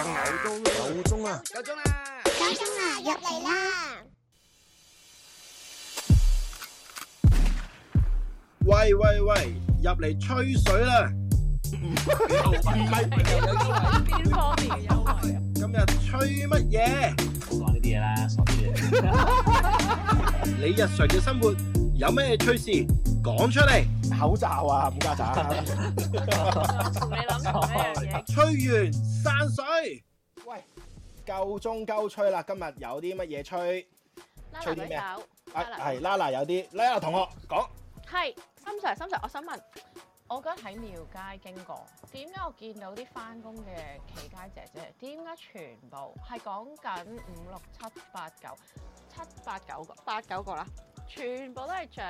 夠鐘啦！夠鐘啦！夠鐘啦！入嚟啦！喂喂喂！入嚟吹水啦！唔係邊方面嘅優惠啊？今日吹乜嘢？唔好講呢啲嘢啦，傻啲嘢。你日常嘅生活有咩趣事？講出嚟，口罩啊，伍家斬，同你諗同嘢？吹完山水，喂，夠鐘夠吹啦！今日有啲乜嘢吹？吹啲咩啊？係係 l 有啲拉 a 同學講係，Samson s s o n 我想問，我今日喺廟街經過，點解我見到啲翻工嘅企街姐姐，點解全部係講緊五六七八九七八九個八九個啦？全部都係着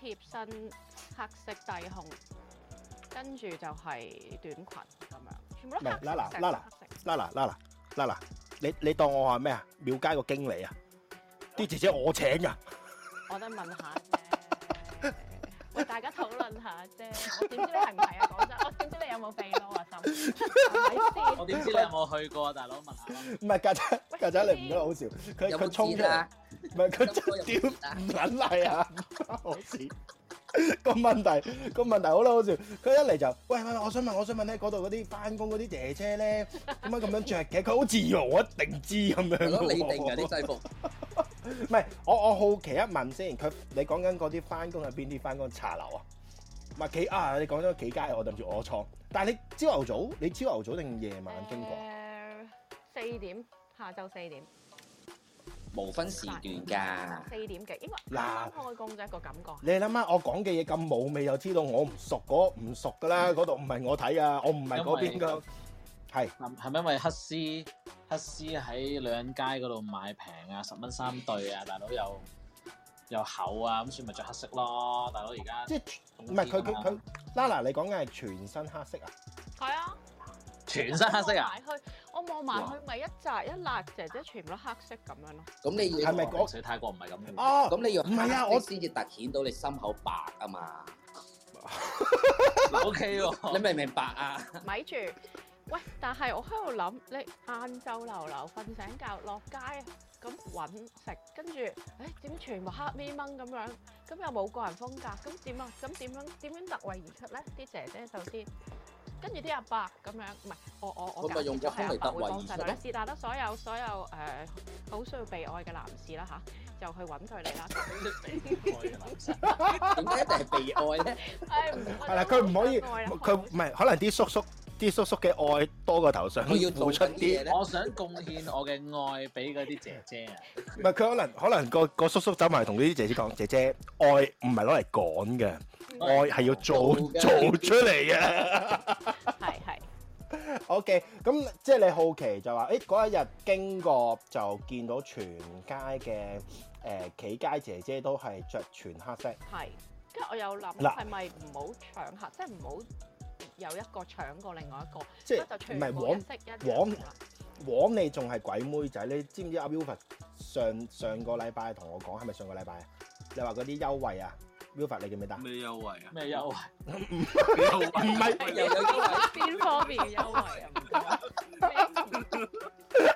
誒貼身黑色低胸，跟住就係短裙咁樣，全部都黑色。拉拉拉拉拉拉拉拉拉拉，你你當我係咩啊？廟街個經理啊？啲姐姐我請啊， 我得、啊、 問下。 喂，大家討論下啫，我點知你係唔係啊？講真，我點知你有冇鼻窿啊？心睇先。 我點知你有冇去過啊？大佬問下。唔係曱甴，曱甴嚟唔該好笑。佢佢、啊、衝出，唔係佢真屌唔撚嚟啊！好屎。個問題個問題好啦，好笑。佢 一嚟就，喂喂，我想問，我想問咧，嗰度嗰啲翻工嗰啲姐姐咧，點解咁樣着嘅？佢好似以為我一定知咁樣。 我肯定啲制服。 唔係，我我好奇一問先，佢你講緊嗰啲翻工係邊啲翻工茶樓啊？唔係企啊，你講咗企街，我諗住我錯。但係你朝頭早，你朝頭早定夜晚經過？誒，四點，下晝四點。無分時段㗎。四點嘅，因為嗱，開工就一個感覺。你諗下，我講嘅嘢咁冇味，就知道我唔熟嗰唔熟㗎啦，嗰度唔係我睇啊，我唔係嗰邊㗎。係，係咪因為黑絲黑絲喺廟街嗰度買平啊，十蚊三對啊，大佬又又厚啊，咁所以咪着黑色咯，大佬而家。即係唔係佢佢佢，Lala 你講緊係全身黑色啊？係啊，全身黑色啊？我望埋佢咪一扎一辣姐姐全部都黑色咁樣咯。咁你要係咪國稅泰國唔係咁樣？哦，唔係啊，我先至突顯到你心口白啊嘛。O K 喎，你明唔明白啊？咪住。喂，但係我喺度諗，你晏晝流流瞓醒覺，落街咁搵食，跟住，誒，點解全部黑咪掹咁樣？咁又冇個人風格，咁點啊？咁點樣點樣突圍而出咧？啲姐姐首先，跟住啲阿伯咁樣，唔係我我我，係阿伯會幫襯啦。是但得所有所有誒，好需要被愛嘅男士啦吓，就去搵佢哋啦。點解一定係被愛咧？係啦，佢唔可以，佢唔係可能啲叔叔。啲叔叔嘅愛多過頭上付出啲，我想貢獻我嘅愛俾嗰啲姐姐啊！唔係佢可能可能個個叔叔走埋同啲姐姐講，姐姐，愛唔係攞嚟講嘅，愛係要做做出嚟嘅。係係。OK，咁即係你好奇就話，誒嗰一日經過就見到全街嘅誒企街姐姐都係著全黑色。係，跟住我有諗係咪唔好搶客，即係唔好。有一個搶過另外一個，即係唔係往往往你仲係鬼妹仔？你知唔知阿 Wilford 上上個禮拜同我講係咪上個禮拜？你話嗰啲優惠啊 Wilford 你記唔記得？咩優惠啊？咩優惠？唔係又有優惠邊方面嘅優惠啊？唔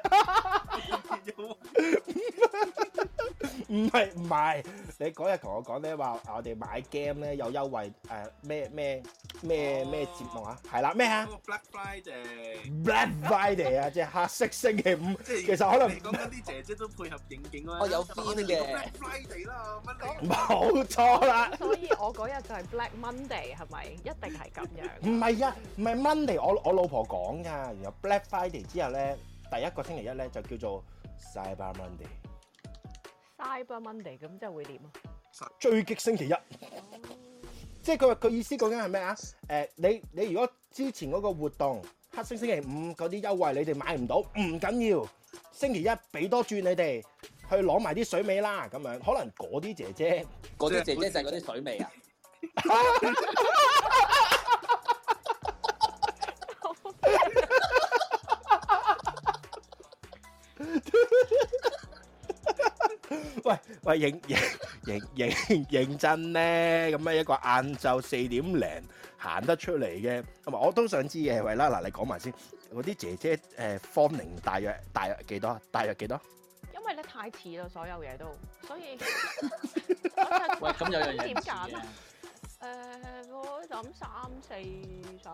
唔係唔係，你嗰日同我講咧話，我哋買 game 咧有優惠誒咩咩咩咩節目啊？係啦咩啊？Black Friday，Black Friday 啊，Black Friday, 即係黑色星期五。即係是其實可能你講緊啲姐姐都配合應景啊。我有邊嘅？冇錯啦。錯 所以我嗰日就係 Black Monday 係咪？一定係咁樣？唔係 啊，唔係 Monday，我我老婆講噶。然後 Black Friday 之後咧。第一個星期一咧就叫做 Cyber Monday，Cyber Monday 咁即係會點啊？追擊星期一，即係佢話佢意思究竟係咩啊？誒，你你如果之前嗰個活動黑色星期五嗰啲優惠你哋買唔到，唔緊要，星期一俾多轉你哋去攞埋啲水尾啦，咁樣可能嗰啲姐姐，嗰啲姐姐就係嗰啲水尾啊。喂喂，認認認認認真咧，咁咧一個晏晝四點零行得出嚟嘅，咁啊我都想知嘅。喂啦，嗱你講埋先，我啲姐姐誒芳齡大約大約幾多？大約幾多？因為咧太遲啦，所有嘢都，所以 喂咁又有有點揀啊？誒，我諗三四十。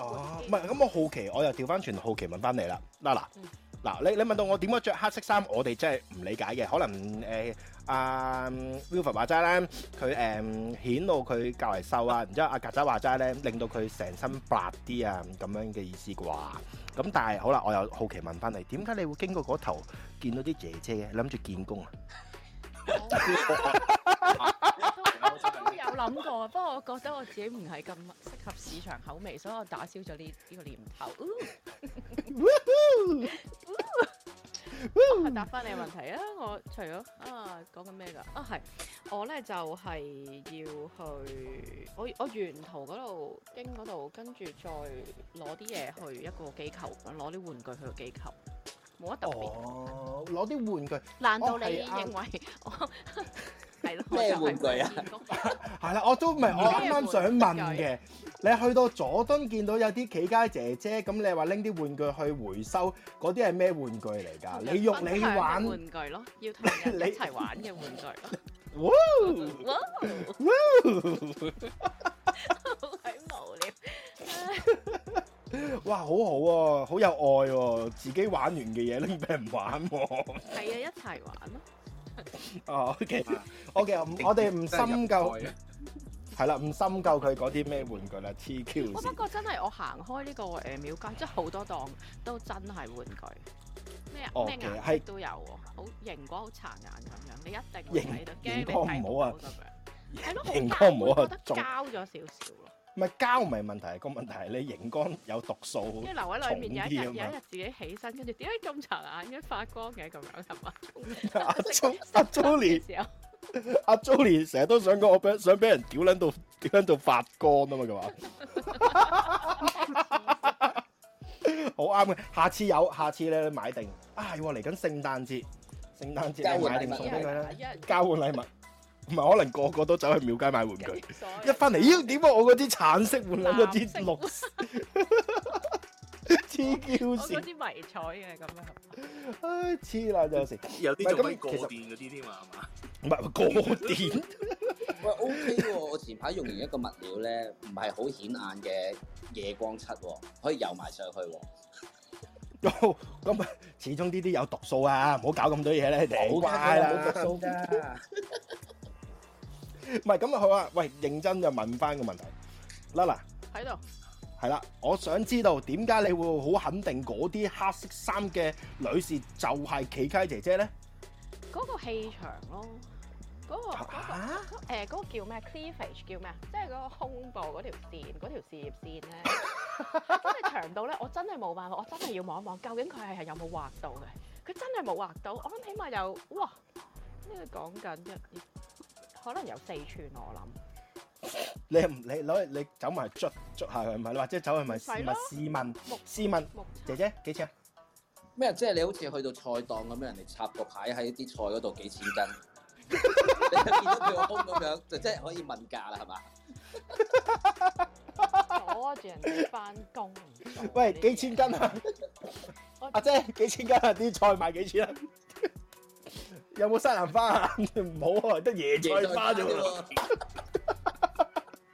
哦，唔係咁，我好奇，我又調翻轉好奇問翻你啦，娜娜。嗯嗱，你你問到我點樣着黑色衫，我哋真係唔理解嘅。可能誒，阿 Wilford 話齋咧，佢、啊、誒、嗯、顯露佢較為瘦啊。 然之後阿曱甴話齋咧，令到佢成身白啲啊，咁樣嘅意思啩。咁但係好啦，我又好奇問翻你，點解你會經過嗰頭見到啲姐姐嘅，諗住見工啊？ 有諗過，不過我覺得我自己唔係咁適合市場口味，所以我打消咗呢呢個念頭。我答翻你問題啊！我除咗啊，講緊咩噶？啊係，我咧就係、是、要去，我我沿途嗰度經嗰度，跟住再攞啲嘢去一個機構，攞啲玩具去個機構，冇乜特別。攞啲、哦、玩具？難道你、哦、認為？我 咩玩具啊？係啦， 我都唔係 我啱啱想問嘅。你去到佐敦見到有啲企街姐姐咁，你話拎啲玩具去回收，嗰啲係咩玩具嚟㗎？跟 你用你玩玩具咯，要同人一齊玩嘅玩具咯。哇！哇哇好鬼無聊。哇，好好喎、啊，好有愛喎、啊，自己玩完嘅嘢拎俾人玩喎。係啊，一齊玩咯。哦、oh,，OK，OK，、okay. okay, okay, 我哋唔深究口，係 啦， 唔深究佢嗰啲咩玩具啦，TQ。我不過真係我行開呢個誒廟街，即係好多檔都真係玩具，咩啊咩都有，好熒光、好殘眼咁樣，你一定唔睇得嘅。熒光唔好啊，熒光唔好啊，膠咗少少咯。咪係膠唔係問題，個問題係你熒光有毒素，留喺裏面。日日自己起身，跟住點解咁長眼嘅發光嘅咁樣係嘛？阿阿 Julie，阿 Julie 成日都想講，我俾想俾人屌撚到，屌撚到發光啊嘛，佢話！好啱嘅，下次有，下次咧買定。啊，係嚟緊聖誕節，聖誕節你買定送俾佢啦，交換禮物。 唔係可能個個都走去廟街買玩具，一返嚟，咦？點解、啊、我嗰啲橙色換緊嗰啲綠？黐線 病！我嗰啲迷彩嘅咁樣。唉、哎，黐爛有線。有啲仲可以過電嗰啲添啊？係嘛？ 唔係過電。 喂，OK 喎、哦，我前排用完一個物料咧，唔係好顯眼嘅夜光漆、哦，可以游埋上去、哦。咁 啊，始終呢啲有毒素啊，唔好搞咁多嘢咧，你。好乖啦，冇毒素㗎。 唔係咁啊！好啊：喂，認真就問翻個問題。Lala 喺度。係啦，我想知道點解你會好肯定嗰啲黑色衫嘅女士就係企街姐姐咧？嗰個氣場咯，嗰個嗰個誒嗰個叫咩？Cleavage 叫咩啊？即係嗰個胸部嗰條線嗰條事業線咧，真係長到咧，我真係冇辦法，我真係要望一望，究竟佢係係有冇畫到嘅？佢真係冇畫到，我諗起碼有哇！呢個講緊一。可能有四寸，我諗你唔你攞你走埋捉捉下佢，唔係你或者走去咪試問試問，姐姐幾錢？咩即係你好似去到菜檔咁樣，人哋插個牌喺啲菜嗰度幾千斤？你見到佢空咁樣就即係可以問價啦，係嘛？阻住人哋翻工。喂，幾千斤啊？阿姐幾千斤啊？啲菜賣幾錢啊？有冇西蘭花啊？唔好啊，得椰菜花啫喎！哈！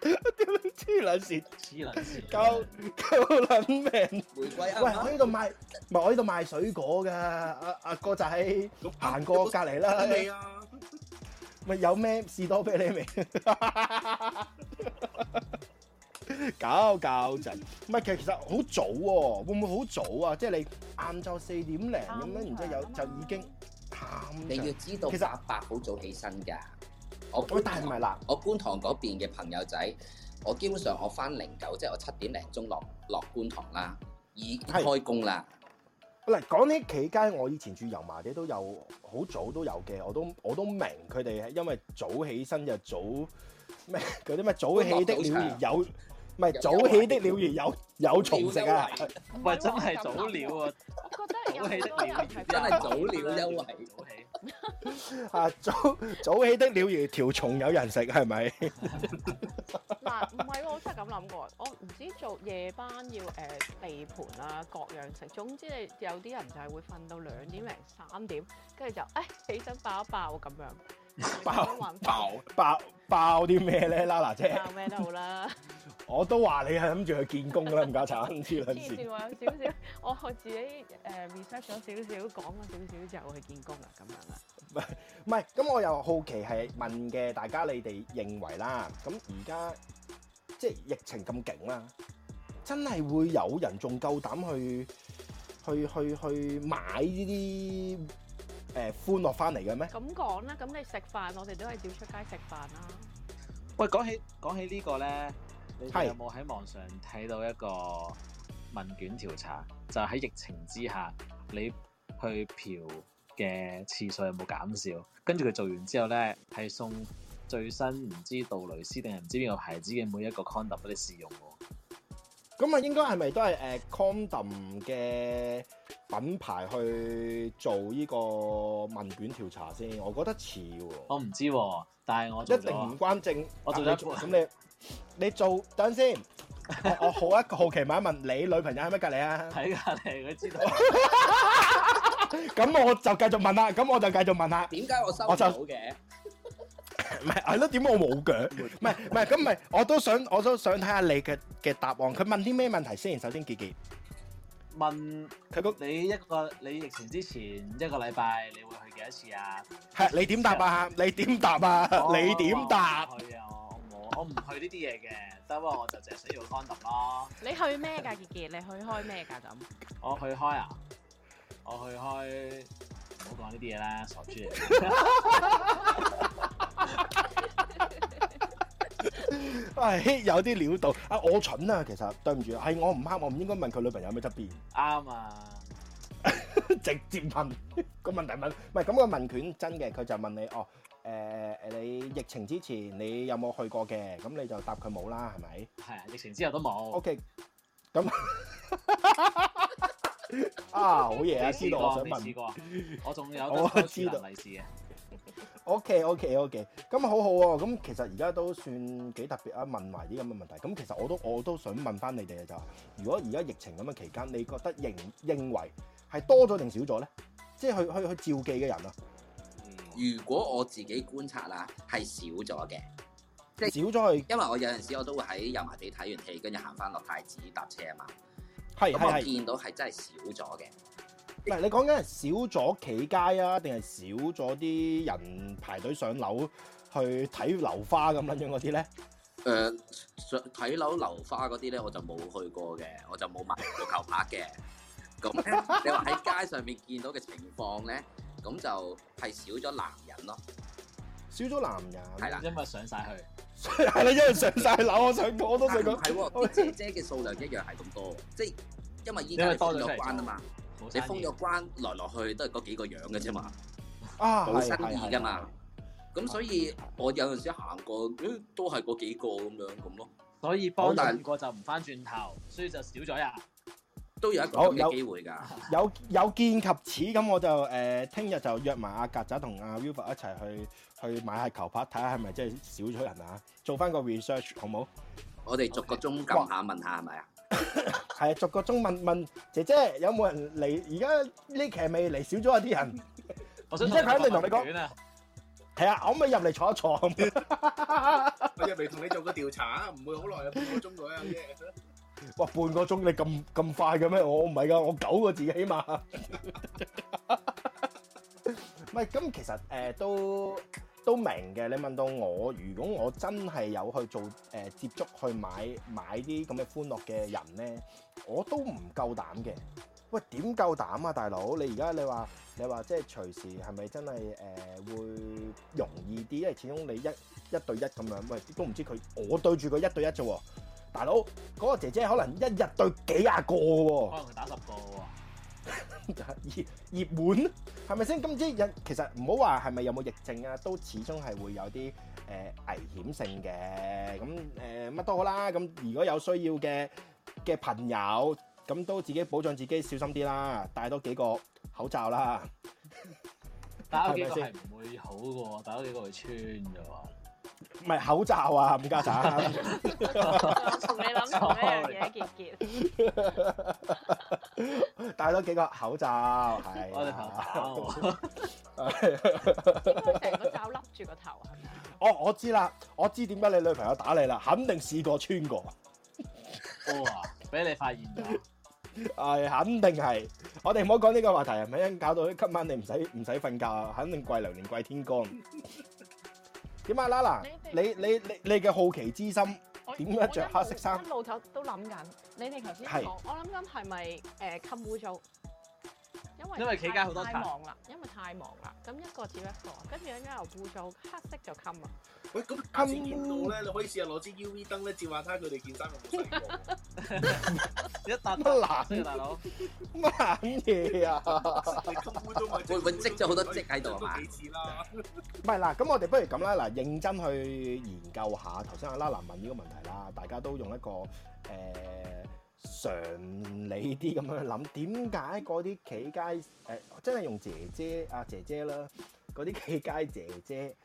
屌你黐卵線，黐卵夠夠卵命！喂，我呢度賣，唔係我呢度賣水果噶。阿阿哥仔，行過隔籬啦。未啊？咪有咩士多啤梨味？搞搞震，唔係其實其實好早喎，會唔會好早啊？即係你晏晝四點零咁樣，然之後有就已經。你要知道，其實阿伯好早起身噶。我但係唔係啦，我觀，是是我觀塘嗰邊嘅朋友仔，我基本上我返零九，即係我七點零鐘落落觀塘啦，已經開工啦。嗱，講啲企街，我以前住油麻地都有，好早都有嘅，我都我都明佢哋係因為早起身就早咩嗰啲咩早起的鳥兒有，唔係早起的鳥兒有有蟲食啊，唔係 真係雷 早鳥啊，我覺得的鳥真係 早因為鳥優惠。 啊！早早起的鳥兒，條蟲有人食，係咪？嗱 啊，唔係喎，我真係咁諗過。我唔知做夜班要誒、呃、地盤啊，各樣食。總之你，你有啲人就係會瞓到兩點零三點，跟住就誒、哎、起身爆一爆咁、啊、樣。爆爆爆爆啲咩咧？拉拉姐，爆咩到啦？我都話你諗住去見工啦，唔搞慘呢兩字。少少，我我自己誒、research 咗少少，講啊少少就去見工啦，咁樣啦。唔係，咁我又好奇係問嘅，大家你哋認為啦？咁而家即係疫情咁勁啦，真係會有人仲夠膽去去去去買呢啲？誒、呃、歡樂翻嚟嘅咩？咁講啦，咁你食飯我哋都係照出街食飯啦。喂，講起講起個呢個咧，你有冇喺網上睇到一個問卷調查？就喺、是、疫情之下，你去嫖嘅次數有冇減少？跟住佢做完之後咧，係送最新唔知道杜蕾斯定係唔知邊個牌子嘅每一個 condom 俾你試用。咁啊，應該係咪都係誒 Condom 嘅品牌去做呢個問卷調查先？我覺得似喎。我唔知喎，但係我一定唔關正。我做緊咁你，你做等陣先。我好一個好奇問一問，你女朋友喺乜隔離啊？喺隔離，佢知道。咁我就繼續問啦。咁我就繼續問下。點解我收唔到嘅？唔係，係咯？點解我冇腳？唔係唔係，咁唔係，我都想我都想睇下你嘅嘅答案。佢問啲咩問題先？首先，傑傑問佢講：你一個你疫情之前一個禮拜你會去幾多次啊？係你點答啊？你點答啊？你點答？去啊！我我我唔去呢啲嘢嘅，得唔得？我就淨係寫做 condom 咯。你去咩㗎？傑傑，你去開咩㗎？咁我去開啊！我去開，唔好講呢啲嘢啦，傻豬！啊，有啲料到啊！我蠢啊，其實對唔住，係我唔啱。我唔應該問佢女朋友有咩側邊。啱啊， 直接問， 問，問、個問題問，唔係咁個問卷真嘅，佢就問你哦，誒、呃、誒，你疫情之前你有冇去過嘅？咁你就答佢冇啦，係咪？係啊，疫情之後都冇。O K，咁啊，好嘢啊！知道 到我想問，我仲有 我知道。O K O K O K，咁好好喎，咁、okay, okay, okay. 嗯、其實而家都算幾特別啊，問埋啲咁嘅問題。咁其實我都我都想問翻你哋啊，就如果而家疫情咁嘅期間，你覺得認認為係多咗定少咗咧？即係去去去照記嘅人啊。如果我自己觀察啦，係少咗嘅，即係少咗去。因為我有陣時我都會喺油麻地睇完戲，跟住行翻落太子搭車啊嘛。係係係。咁我見到係真係少咗嘅。唔，你講緊係少咗企街啊，定係少咗啲人排隊上樓去睇樓花咁樣嗰啲咧？誒、呃，上睇樓樓花嗰啲咧，我就冇去過嘅，我就冇買過球拍嘅。咁 你話喺街上面見到嘅情況咧，咁就係少咗男人咯。少咗男人係啦， 啦，因為上晒去，係啦，因為上晒樓，我想我都想講，係喎， 姐姐嘅數量一樣係咁多，即係因為依家唔有關啊嘛。 你封咗關嚟嚟去去都係嗰幾個樣嘅啫、啊、 嘛，啊，好生意噶嘛，咁所以我有陣時行過，欸、都係嗰幾個咁樣咁咯。所以幫襯過就唔翻轉頭，好所，以所以就少咗人。都有一個嘅機會噶。有有，有見及此咁，我就誒，聽、呃、日就約埋阿曱甴同阿 Uva 一齊去去買下球拍，睇下係咪即係少咗人啊？做翻個 research 好冇？我哋逐個鐘撳 Okay. 下問下係咪啊？是 係，逐個鐘問問姐姐有冇人嚟？而家呢期未嚟少咗一啲人，即係佢一定同你講。係啊，我可唔可以入嚟坐一坐？入嚟同你做個調查啊！唔會好耐啊，半個鐘到啊！哇，半個鐘你咁咁快嘅咩？我唔係㗎，我九個字起碼。唔係，咁其實誒都。都明嘅，你問到我，如果我真係有去做誒、呃、接觸去買買啲咁嘅歡樂嘅人咧，我都唔夠膽嘅。喂，點夠膽啊，大佬？你而家你話你話即係隨時係咪真係誒、呃、會容易啲？因為始終你一一對一咁樣，喂都唔知佢我對住佢一對一啫喎，大佬嗰、那個姐姐可能一日對幾廿個喎、啊。可能佢打十個喎、啊， 熱熱門。係咪先？咁即係其實唔好話係咪有冇疫症啊？都始終係會有啲誒、呃、危險性嘅。咁誒乜都好啦。咁如果有需要嘅嘅朋友，咁都自己保障自己，小心啲啦，戴多幾個口罩啦。戴 多幾個係唔會好過，戴多幾個會穿啫喎。唔係口罩啊，冚家鏟！我同你諗錯一樣嘢，杰杰。戴多幾個口罩，係我哋口罩。成個罩笠住個頭，係咪？哦，我知啦，我知點解你女朋友打你啦，肯定試過穿過。哇！俾你發現咗！係，肯定係。我哋唔好講呢個話題，係咪？一搞到今晚你唔使唔使瞓覺啊，肯定跪榴槤跪天光。點啊啦嗱，你你你你嘅好奇之心點解着黑色衫？老頭都諗緊，你哋頭先講，是我諗緊係咪誒襟污糟是是？呃因為企街好多塵，太忙啦。因為太忙啦，咁一個接一個，跟住又污糟黑色就襟啦。喂，咁紫外線度咧，你可以試下攞支 UV 燈咧照下睇下佢哋件衫有冇曬黃。一笪都爛嘅，大佬乜嘢啊？會唔會積咗好多積喺度啊嘛？幾次啦？唔係啦，咁我哋不如咁啦，嗱，認真去研究下頭先阿拉蘭問呢個問題啦。大家都用一個誒。常理啲咁去諗，點解嗰啲企街誒、欸、真係用姐姐啊，姐姐啦，嗰啲企街姐姐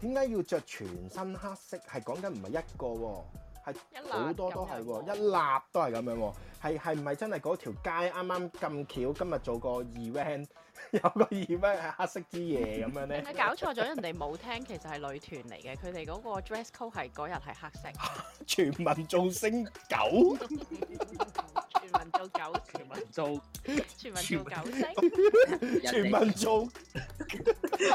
點解要着全身黑色？係講緊唔係一個喎，好多都係喎，一粒都係咁樣喎，係係唔係真係嗰條街啱啱咁巧今日做個 event？有個耳杯係黑色之夜咁樣咧，係搞錯咗，人哋冇聽，其實係女團嚟嘅，佢哋嗰個 dress code 係嗰日係黑色。 全民造星九， 全民造九，全民造，全民造九星，全民造。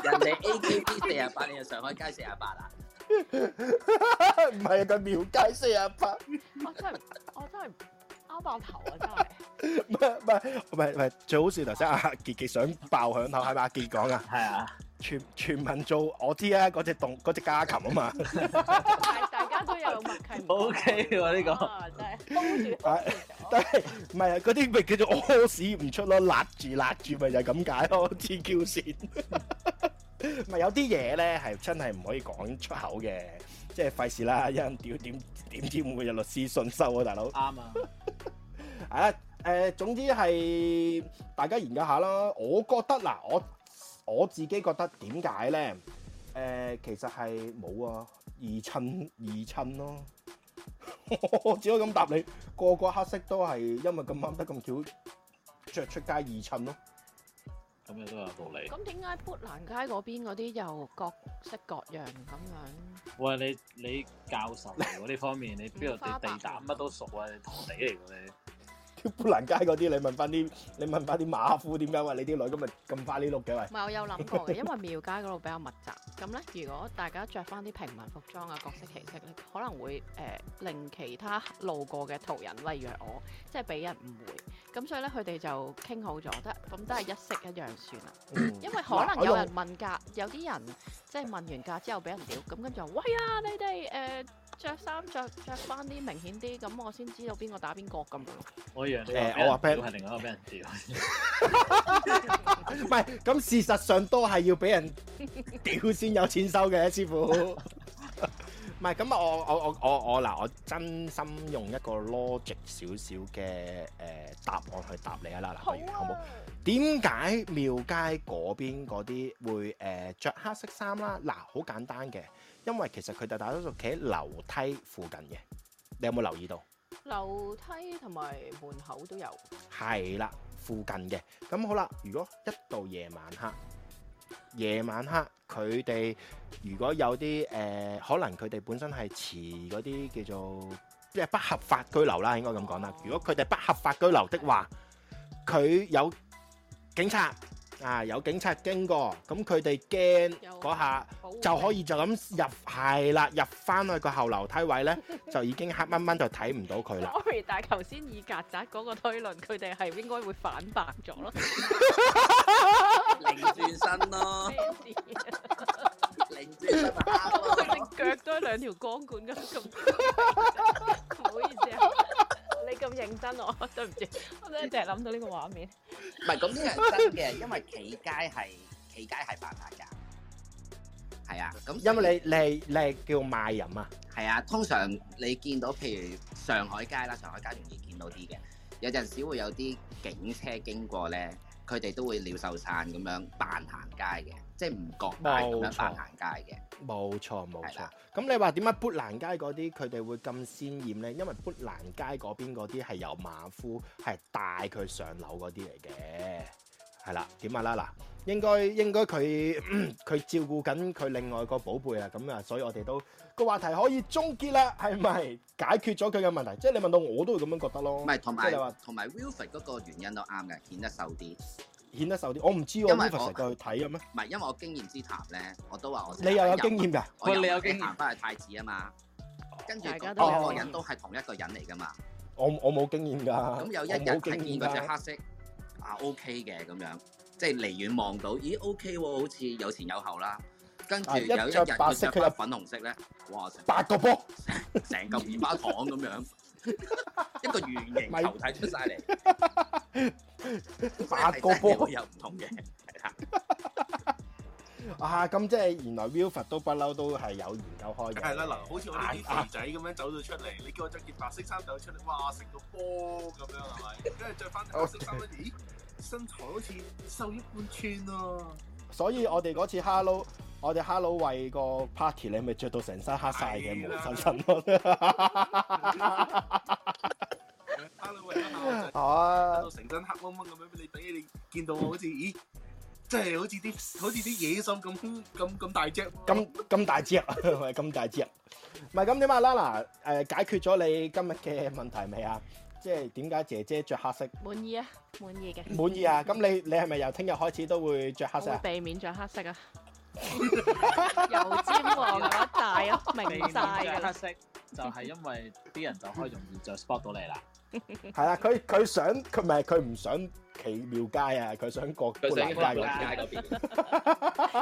人哋 AKB 四十八，你又上海街四十八啦？唔係個廟街四十八。我真係，我真係。爆頭啊！真係唔係，唔係唔係，唔係最好笑，頭先阿杰傑想爆響頭，係咪阿杰講啊？係啊，全全民做，我知啊，嗰隻、嗰、動隻、嗰、家禽啊嘛， 大家都有默契。O K 喎呢個，真係封住。係，係唔係嗰啲咪叫做屙屎唔出咯？辣住辣住咪就咁、係、解咯。黐 Q 線，咪有啲嘢咧係真係唔可以講出口嘅。即係費事啦，有人屌點，點點屌會有律師信收啊，大佬啱啊！ 啊誒、呃，總之係大家研究下啦。我覺得嗱、啊，我我自己覺得點解咧？誒、呃，其實係冇啊，易襯易襯咯。我 只可以咁答你，個個黑色都係因為咁啱得咁蹺，着出街易襯咯。咁樣都有道理。咁點解砵蘭街嗰邊嗰啲又各式各樣咁樣？喂，你你教授嚟喎，呢方面，你邊度 白對地膽乜都熟啊？你堂地嚟嘅你。砵蘭街嗰啲，你問翻啲，你問翻啲馬夫點樣話你啲女咁，咪咁快呢六嘅唔係，我有諗過，因為廟街嗰度比較密集。咁咧，如果大家着翻啲平民服裝啊，角色奇色咧，可能會誒、呃、令其他路過嘅途人，例如我，即係俾人誤會。咁所以咧，佢哋就傾好咗，得咁都係一式一樣算啦。嗯、因為可能有人問價， 有啲人即係問完價之後俾人屌。咁跟住話，喂呀，你哋着衫着着翻啲明顯啲，咁我先知道邊個打邊個咁。哦、我以為誒，我話俾係另一個俾人屌。唔係，咁事實上都係要俾人屌先有錢收嘅，師傅。唔 係，咁我我我我我嗱，我真心用一個 logic 少少嘅誒、呃、答案去答你啦，嗱，好唔、啊、好，好？點解廟街嗰邊嗰啲會誒着、呃、黑色衫啦？嗱、呃，好簡單嘅。因為其實佢哋大多數企喺樓梯附近嘅，你有冇留意到？樓梯同埋門口都有。係啦，附近嘅。咁好啦，如果一到夜晚黑，夜晚黑佢哋如果有啲誒，可能佢哋本身係持嗰啲叫做即係不合法居留啦，應該咁講啦。如果佢哋不合法居留嘅話，佢有警察，啊！有警察經過，咁佢哋驚嗰下就可以就咁入係啦，入翻去個後樓梯位咧，就已經黑掹掹就睇唔到佢啦。 但係頭先以曱甴嗰個推論，佢哋係應該會反白咗咯， 擰轉身咯、喔， 咩事啊、擰轉身，隻 腳都兩條光管咁，唔 好意思、啊，你咁認真，我對唔住，我真係成日諗到呢個畫面。唔係，咁呢樣真嘅，因為企街係企街係犯法㗎，係啊，咁因為你你你叫賣淫啊，係啊，通常你見到譬如上海街啦，上海街容易見到啲嘅，有陣時會有啲警車經過咧，佢哋都會鳥獸散咁樣扮行街嘅，即係唔覺眼咁樣扮行街嘅。麼冇錯冇錯，咁、 嗯、你話點解砵蘭街嗰啲佢哋會咁鮮豔咧，因為砵蘭街嗰邊嗰啲係由馬夫係帶佢上樓嗰啲嚟嘅。係啦，點啊啦嗱，應該應該佢佢照顧緊佢另外個寶貝啊，咁啊，所以我哋都個話題可以終結啦，係咪解決咗佢嘅問題？即係你問到我都會咁樣覺得咯，即係話同埋 Wilfred 嗰個原因都啱嘅，顯得瘦啲，顯得瘦啲。我唔知啊，Wilfred 成日去睇嘅咩？唔係，因為我經驗之談咧，我都話我你又有經驗㗎，我你有經驗翻係太子啊嘛，跟住嗰個人都係同一個人嚟㗎嘛，我我冇經驗㗎，咁有一日睇見嗰隻黑色。啊 OK 嘅咁樣，即係離遠望到，咦 OK 喎，好似有前有後啦。跟住有一日佢著翻粉紅色咧，哇！八個波，成嚿棉花糖咁樣，一個圓形球體出晒嚟，八個波又唔同嘅。啊，咁即係原來 Willful 都不嬲，都係有研究開嘅。係啦，嗱，好似我啲僆仔咁樣走咗出嚟，你叫我着件白色衫走出嚟，哇，成個波咁樣係咪？跟住着翻黑色衫咧，咦？身材好似瘦一半寸咯，所以我哋嗰次 Halloween，我哋 Halloween 個 party，你咪着到成身黑晒嘅，毛毿毿咯。Halloween 啊，着到成身黑蒙蒙咁樣，你俾你見到我好似，咦，真係好似啲好似啲野獸咁咁咁大隻，咁咁大隻，喂，咁大隻。唔係咁點啊啦嗱，誒解決咗你今日嘅問題未啊？即係點解姐姐著黑色？滿意啊，滿意嘅。滿意啊，咁你你係咪由聽日開始都會著黑色？避免著黑色啊！油尖旺一帶明曬㗎啦。就係因為啲人就可以容易著 spot 到你啦。係啦，佢佢想佢唔係佢唔想企廟街啊，佢想過古井街嗰邊。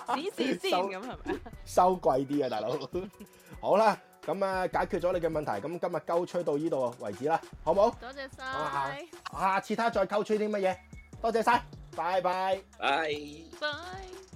試試先咁係咪？收貴啲啊，大佬。好啦。咁啊、嗯，解決咗你嘅問題，咁、嗯、今日鳩吹到呢度為止啦，好冇？多謝晒謝！下次睇下再鳩吹啲乜嘢。多謝晒！ 拜拜，拜拜。